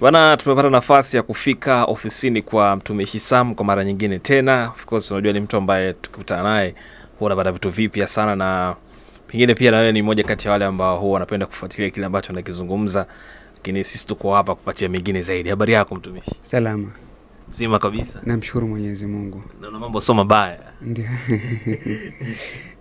Bwana, tumepata nafasi ya kufika ofisini kwa mtumishi Sam kwa mara nyingine tena. Of course unajua ni mtu ambaye tukikutana naye huwa anapata vitu vipya sana, na pengine pia na wewe ni mmoja kati ya wale ambao huwa wanapenda kufuatilia kile ambacho anakizungumza, lakini sisi tuko hapa kupatia mengine zaidi. Habari yako mtumishi? Salama. Mzima kabisa. Namshukuru Mwenyezi Mungu. Naona mambo sio mabaya. Ndio.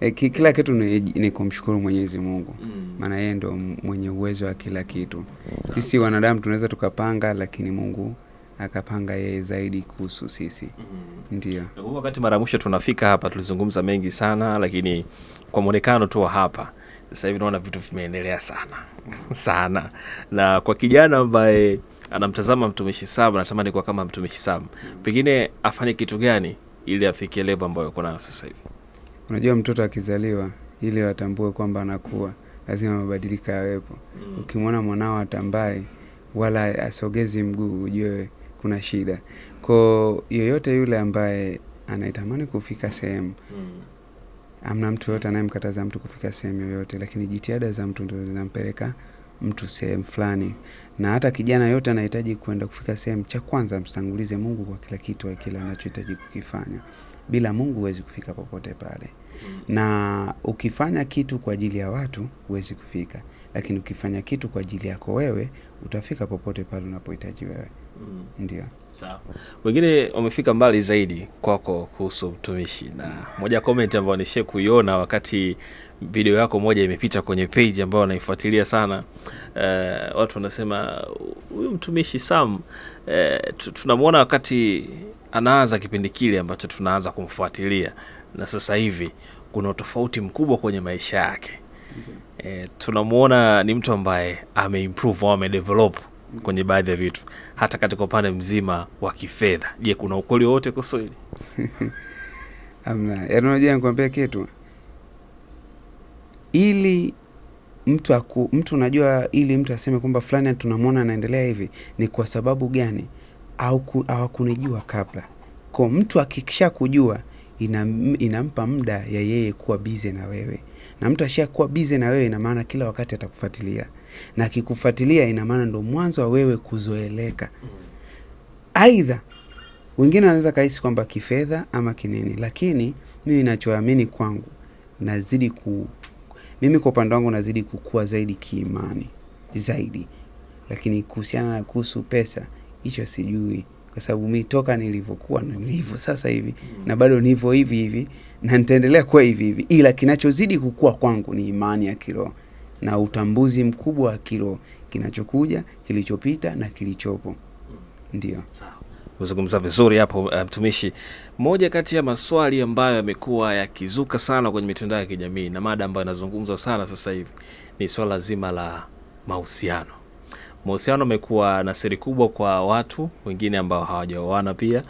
Eh, kila kitu ni, ni kumshukuru Mwenyezi Mungu mm. maana mm. yeye ndo mwenye uwezo wa kila kitu. Sisi wanadamu tunaweza tukapanga, lakini Mungu akapanga yeye zaidi kuhusu sisi mm -hmm. Ndio. Wakati mara mwisho tunafika hapa tulizungumza mengi sana, lakini kwa mwonekano tu hapa sasa hivi naona vitu vimeendelea sana sana, na kwa kijana ambaye anamtazama mtumishi Sam, anatamani kuwa kama mtumishi Sam, pengine afanye kitu gani ili afikie levo ambayo yuko nayo sasa hivi? Unajua, mtoto akizaliwa ili watambue kwamba anakuwa lazima mabadiliko yawepo. Mm. Ukimwona mwanao atambae wala asogezi mguu, ujue kuna shida. ko yoyote yule ambaye anaitamani kufika sehemu mm. Amna mtu yoyote anayemkataza mtu kufika sehemu yoyote, lakini jitihada za mtu ndo zinampeleka mtu sehemu fulani, na hata kijana yote anahitaji kwenda kufika sehemu, cha kwanza amtangulize Mungu kwa kila kitu, kila anachohitaji kukifanya. Bila Mungu huwezi kufika popote pale, mm. na ukifanya kitu kwa ajili ya watu huwezi kufika, lakini ukifanya kitu kwa ajili yako wewe utafika popote pale unapohitaji wewe. Mm. Ndio. Sawa. Wengine wamefika mbali zaidi kwako kuhusu mtumishi na moja comment ambayo nishe kuiona wakati video yako moja imepita kwenye page ambayo naifuatilia sana. Uh, watu wanasema huyu mtumishi Sam uh, tunamwona wakati anaanza kipindi kile ambacho tunaanza kumfuatilia na sasa hivi kuna utofauti mkubwa kwenye maisha yake. Okay. Mm-hmm. E, eh, tunamwona ni mtu ambaye ameimprove au amedevelop kwenye baadhi ya vitu, hata katika upande mzima wa kifedha. Je, kuna ukweli wowote kuhusu hili? Amna. Yaani, unajua kitu, ili mtu aku, mtu unajua, ili mtu aseme kwamba fulani tunamwona anaendelea hivi ni kwa sababu gani, au hawakunijua kabla. Kwa mtu akikisha kujua inam, inampa muda ya yeye kuwa bize na wewe, na mtu ashakuwa bize na wewe, ina maana kila wakati atakufuatilia na kikufuatilia, ina maana ndo mwanzo wa wewe kuzoeleka. Aidha, wengine wanaweza kahisi kwamba kifedha ama kinini, lakini mimi nachoamini kwangu nazidi ku mimi kwa upande wangu nazidi kukua zaidi kiimani zaidi, lakini kuhusiana na kuhusu pesa, hicho sijui, kwa sababu mi toka nilivyokuwa na nilivyo sasa hivi na bado nivo hivi hivi na nitaendelea kuwa hivi hivi, ila kinachozidi kukua kwangu ni imani ya kiroho na utambuzi mkubwa wa kiroho, kinachokuja, kilichopita na kilichopo. Ndio umezungumza vizuri hapo uh, mtumishi. Um, moja kati ya maswali ambayo yamekuwa yakizuka sana kwenye mitandao ya kijamii na mada ambayo inazungumzwa sana sasa hivi ni swala zima la mahusiano. Mahusiano amekuwa na siri kubwa kwa watu wengine ambao hawajaoana pia.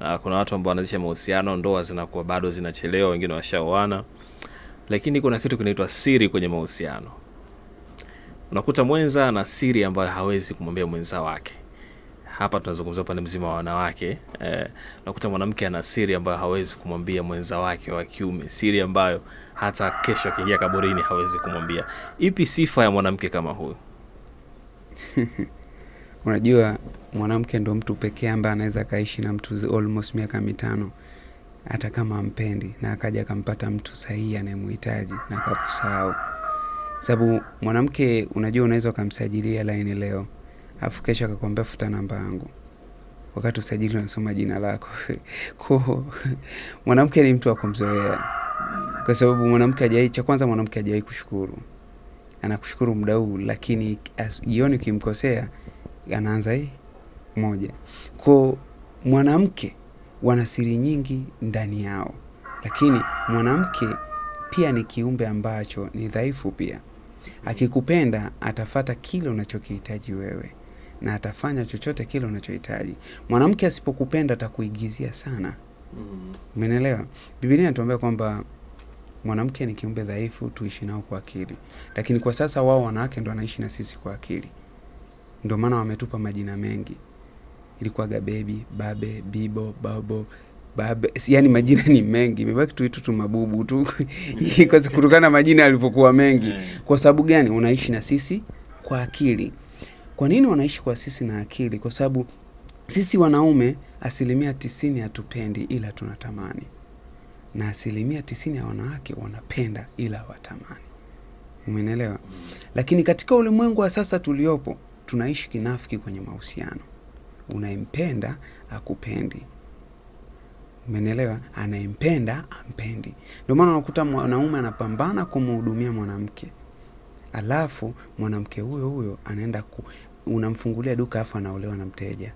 Uh, kuna watu ambao wanaanzisha mahusiano, ndoa zinakuwa bado zinachelewa, wengine washaoana, lakini kuna kitu kinaitwa siri kwenye mahusiano. Unakuta mwenza ana siri ambayo hawezi kumwambia mwenza wake. Hapa tunazungumzia upande mzima wa wanawake eh. Unakuta mwanamke ana siri ambayo hawezi kumwambia mwenza wake wa kiume, siri ambayo hata kesho akiingia kaburini hawezi kumwambia. Ipi sifa ya mwanamke kama huyu? Unajua, mwanamke ndo mtu pekee ambaye anaweza akaishi na mtu almost miaka mitano hata kama ampendi, na akaja akampata mtu sahihi anayemhitaji na akakusahau sababu mwanamke unajua, unaweza ukamsajilia laini leo afu kesha akakwambia futa namba yangu, wakati usajili unasoma jina lako ko mwanamke ni mtu wa kumzoea, kwa sababu mwanamke ajai cha kwanza mwanamke ajai kushukuru, anakushukuru muda huu, lakini jioni ukimkosea anaanza hii moja. Ko mwanamke wana siri nyingi ndani yao, lakini mwanamke pia ni kiumbe ambacho ni dhaifu pia. Akikupenda atafata kile unachokihitaji wewe na atafanya chochote kile unachohitaji. Mwanamke asipokupenda atakuigizia sana. Mm-hmm. Umeelewa? mm -hmm. Biblia inatuambia kwamba mwanamke ni kiumbe dhaifu, tuishi nao kwa akili, lakini kwa sasa wao wanawake ndo wanaishi na sisi kwa akili. Ndio maana wametupa majina mengi, ilikuwaga bebi, babe, bibo, babo Babe, yani majina ni mengi, imebaki tuitu tu mabubu tu kutokana na majina yalivyokuwa mengi. Eh. Kwa sababu gani? Unaishi na sisi kwa akili. Kwa nini wanaishi kwa sisi na akili? Kwa sababu sisi wanaume asilimia tisini hatupendi ila tunatamani, na asilimia tisini ya wanawake wanapenda ila watamani Umeelewa? Lakini katika ulimwengu wa sasa tuliopo, tunaishi kinafiki kwenye mahusiano. Unayempenda akupendi umenielewa, anayempenda ampendi. Ndio maana unakuta mwanaume anapambana kumhudumia mwanamke, alafu mwanamke huyo huyo anaenda ku, unamfungulia duka afu anaolewa na mteja.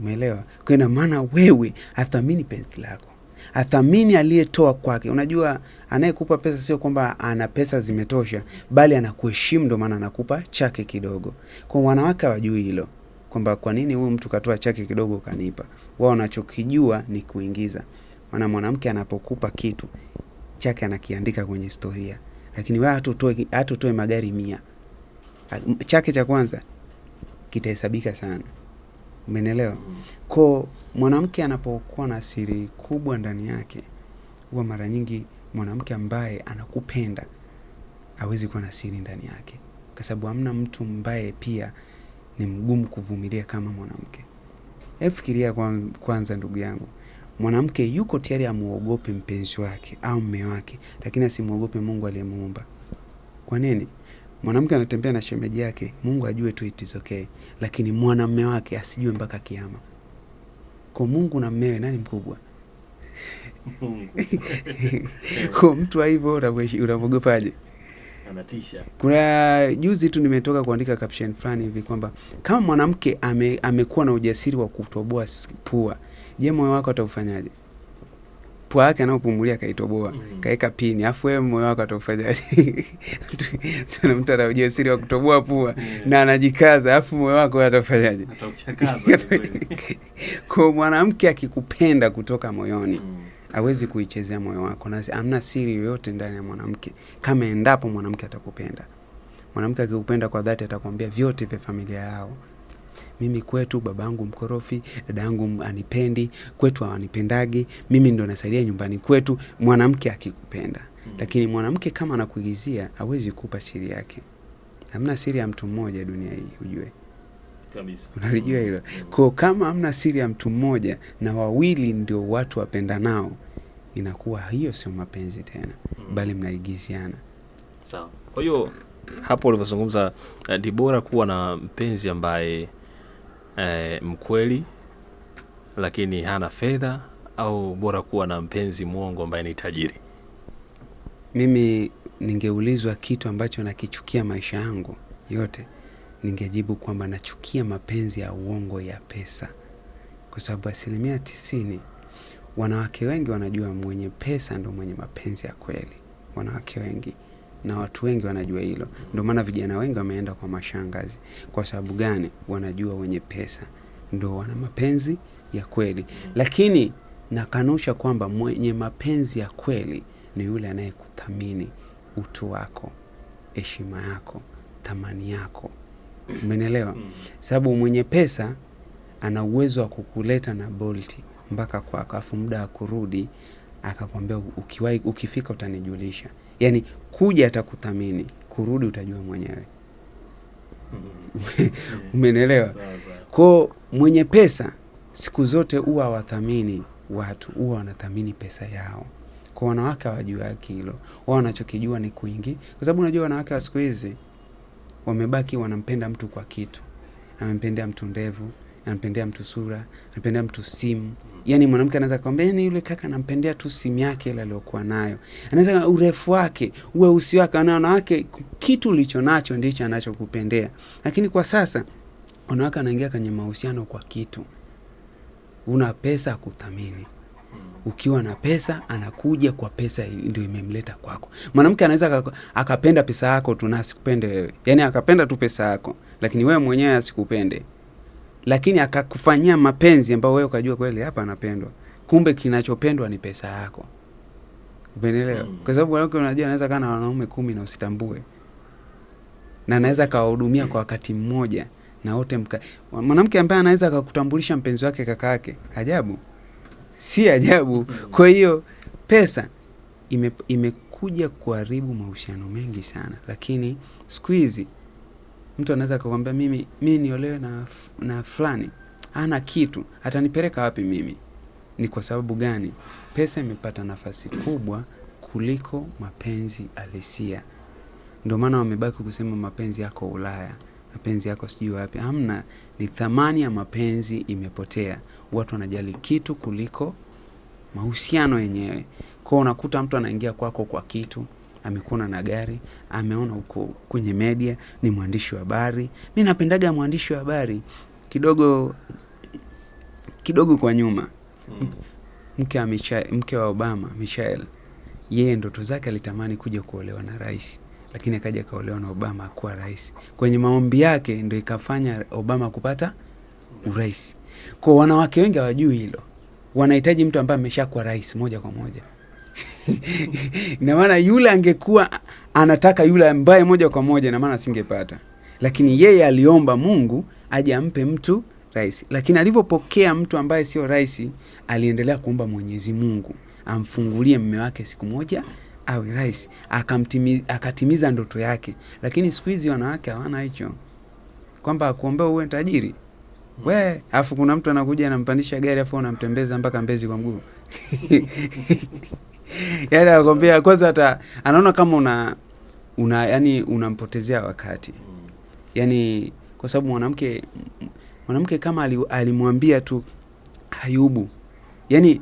Umeelewa? Kwa ina maana wewe athamini penzi lako, athamini aliyetoa kwake. Unajua, anayekupa pesa sio kwamba ana pesa zimetosha, bali anakuheshimu, ndio maana anakupa chake kidogo. Kwa wanawake hawajui hilo kwamba kwa nini huyu mtu katoa chake kidogo kanipa. Wao wanachokijua ni kuingiza. Maana mwanamke anapokupa kitu chake anakiandika kwenye historia, lakini wewe hatutoe hatutoe magari mia, chake cha kwanza kitahesabika sana. Umenielewa? Kwa mwanamke anapokuwa na siri kubwa ndani yake, huwa mara nyingi mwanamke ambaye anakupenda hawezi kuwa na siri ndani yake, kwa sababu hamna mtu mbaye pia ni mgumu kuvumilia kama mwanamke. Hebu fikiria kwanza, ndugu yangu, mwanamke yuko tayari amuogope mpenzi wake au mme wake, lakini asimwogope Mungu aliyemuumba. Kwa nini? Mwanamke anatembea na shemeji yake, Mungu ajue tu it is okay, lakini mwanamme wake asijue mpaka kiama. Kwa Mungu na mmewe nani mkubwa? Kwa mtu wa hivyo unamwogopaje? anatisha. Kuna juzi tu nimetoka kuandika caption fulani hivi kwamba kama mwanamke ame, amekuwa na ujasiri wa kutoboa pua, je, moyo wako ataufanyaje? Pua yake anayopumulia kaitoboa, mm -hmm. kaeka pini, afu wewe moyo wako ataufanyaje? Tuna mtu ana ujasiri wa kutoboa pua yeah. na anajikaza, afu moyo wako atafanyaje? Atakuchakaza. Kwa mwanamke akikupenda kutoka moyoni mm hawezi kuichezea moyo wako, na hamna siri yoyote ndani ya mwanamke, kama endapo mwanamke atakupenda. Mwanamke akikupenda kwa dhati, atakwambia vyote vya familia yao. Mimi kwetu baba yangu mkorofi, yangu anipendi, kwetu hawanipendagi, mimi ndo nasaidia nyumbani kwetu. Mwanamke akikupenda mm -hmm. Lakini mwanamke kama anakuigizia, hawezi kupa siri yake. Hamna siri ya mtu mmoja dunia hii, ujue kabisa. Unalijua hilo kwao, kama hamna siri ya mtu mmoja na wawili ndio watu wapenda nao inakuwa hiyo sio mapenzi tena mm. bali mnaigiziana. Sawa. Kwa hiyo hapo ulivyozungumza, uh, ni bora kuwa na mpenzi ambaye uh, mkweli lakini hana fedha au bora kuwa na mpenzi mwongo ambaye ni tajiri? Mimi ningeulizwa kitu ambacho nakichukia maisha yangu yote ningejibu kwamba nachukia mapenzi ya uongo ya pesa, kwa sababu asilimia tisini wanawake wengi wanajua mwenye pesa ndo mwenye mapenzi ya kweli, wanawake wengi na watu wengi wanajua hilo. ndo maana vijana wengi wameenda kwa mashangazi. Kwa sababu gani? Wanajua wenye pesa ndo wana mapenzi ya kweli, lakini nakanusha kwamba mwenye mapenzi ya kweli ni yule anayekuthamini utu wako, heshima yako, thamani yako Umenielewa? Mm. Sababu mwenye pesa ana uwezo wa kukuleta na bolti mpaka kwako, afu muda wa kurudi akakwambia ukiwai ukifika utanijulisha. Yani kuja atakuthamini, kurudi utajua mwenyewe. Mm. umenelewa Kwao mwenye pesa siku zote huwa awathamini watu, huwa wanathamini pesa yao. Kwa wanawake hawajua hilo, wao wanachokijua ni kwingi kwa sababu unajua wanawake wa siku hizi wamebaki wanampenda mtu kwa kitu, amempendea mtu ndevu, anampendea mtu sura, anampendea mtu simu. Yani mwanamke anaweza kwambia, ni yaani yule kaka anampendea tu simu yake ile aliyokuwa nayo, anaweza urefu wake, weusi wake. Wanawake, kitu ulicho nacho ndicho anachokupendea. Lakini kwa sasa wanawake anaingia kwenye mahusiano kwa kitu, una pesa kuthamini ukiwa na pesa anakuja kwa pesa, ndio imemleta kwako. Mwanamke anaweza akapenda pesa yako tu na asikupende wewe, yani akapenda tu pesa yako, lakini wewe mwenyewe asikupende, lakini akakufanyia mapenzi ambayo wewe ukajua kweli hapa anapendwa, kumbe kinachopendwa ni pesa yako. Umeelewa? Hmm. Kwa sababu mwanamke, unajua, anaweza kaa na wanaume kumi na usitambue, na anaweza akawahudumia kwa wakati mmoja na wote mka. Mwanamke ambaye anaweza akakutambulisha mpenzi wake kaka yake, ajabu si ajabu. Kwa hiyo pesa ime, imekuja kuharibu mahusiano mengi sana, lakini siku hizi mtu anaweza akakwambia mimi mi niolewe na, na fulani ana kitu, atanipeleka wapi mimi? Ni kwa sababu gani? Pesa imepata nafasi kubwa kuliko mapenzi halisia. Ndio maana wamebaki kusema mapenzi yako Ulaya mapenzi yako sijui wapi. Hamna, ni thamani ya mapenzi imepotea. Watu wanajali kitu kuliko mahusiano yenyewe. Kwa unakuta mtu anaingia kwako kwa kitu, amekuona na gari, ameona uko kwenye media, ni mwandishi wa habari. Mi napendaga mwandishi wa habari kidogo kidogo kwa nyuma Mke wa Michelle, mke wa Obama Michelle, yeye ndoto zake alitamani kuja kuolewa na rais lakini akaja akaolewa na Obama akuwa rais. Kwenye maombi yake ndo ikafanya Obama kupata urais. Kwa wanawake wengi hawajui hilo, wanahitaji mtu ambaye ameshakuwa rais moja kwa moja ina maana yule angekuwa anataka yule ambaye moja kwa moja, ina maana asingepata, lakini yeye aliomba Mungu aje ampe mtu rais. Lakini alivyopokea mtu ambaye sio rais, aliendelea kuomba Mwenyezi Mungu amfungulie mme wake siku moja awe rais akatimiza ndoto yake. Lakini siku hizi wanawake hawana hicho, kwamba akuombea uwe tajiri mm. we, alafu kuna mtu anakuja anampandisha gari afu anamtembeza mpaka Mbezi kwa mguu yani anakwambia kwanza, hata anaona kama una, una yani unampotezea wakati yani, kwa sababu mwanamke mwanamke kama alimwambia tu Ayubu yani,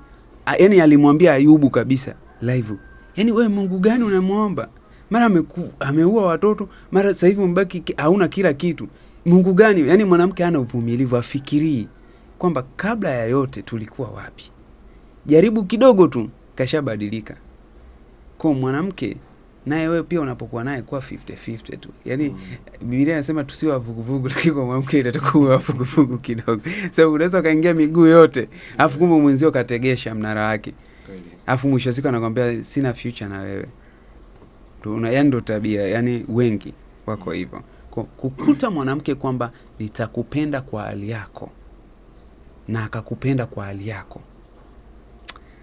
yani alimwambia Ayubu kabisa live Yaani wewe Mungu gani unamwomba? Mara ameua watoto, mara sasa hivi mbaki hauna kila kitu. Mungu gani? Yaani mwanamke hana uvumilivu, afikirii kwamba kabla ya yote tulikuwa wapi. Jaribu kidogo tu kashabadilika. Kwa mwanamke naye wewe pia unapokuwa naye kuwa 50-50 tu. Yaani mm. Biblia inasema tusiwe wavuguvugu, lakini kwa mwanamke itatakuwa wavuguvugu kidogo. Sababu so, unaweza kaingia miguu yote, afu kumbe mwenzio kategesha mnara wake alafu mwisho siku anakwambia sina future na wewe. Yani ndo tabia, yani wengi wako mm. hivyo. Kukuta mwanamke kwamba nitakupenda kwa hali yako na akakupenda kwa hali yako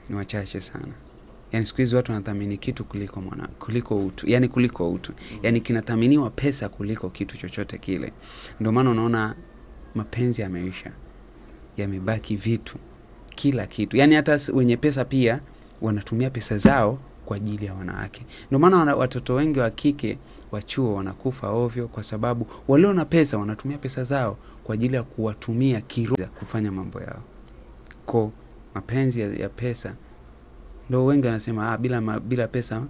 ni wachache sana. Yani siku hizi watu wanathamini kitu kuliko mwana, kuliko utu, yani kuliko utu, mm. yani kinathaminiwa pesa kuliko kitu chochote kile. Ndio maana unaona mapenzi yameisha, yamebaki vitu kila kitu, yaani hata wenye pesa pia wanatumia pesa zao kwa ajili ya wanawake. Ndio maana wana, watoto wengi wa kike wa chuo wanakufa ovyo, kwa sababu walio na pesa wanatumia pesa zao kwa ajili ya kuwatumia kiroho kufanya mambo yao. ko mapenzi ya, ya pesa ndo wengi wanasema ah, bila, ma, bila pesa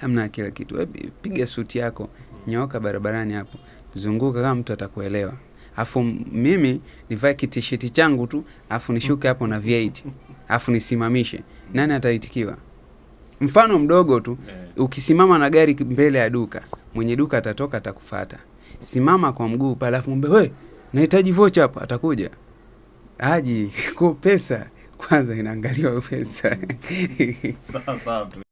hamna kila kitu. Piga suti yako, mm. nyooka barabarani hapo, zunguka, kama mtu atakuelewa afu mimi nivae kitisheti changu tu afu nishuke hapo na v afu nisimamishe, nani ataitikiwa? Mfano mdogo tu, eh. ukisimama na gari mbele ya duka, mwenye duka atatoka atakufuata. Simama kwa mguu pale, afu mbe, we nahitaji vocha hapa, atakuja aji kwa pesa kwanza, inaangaliwa pesa. sawa sawa.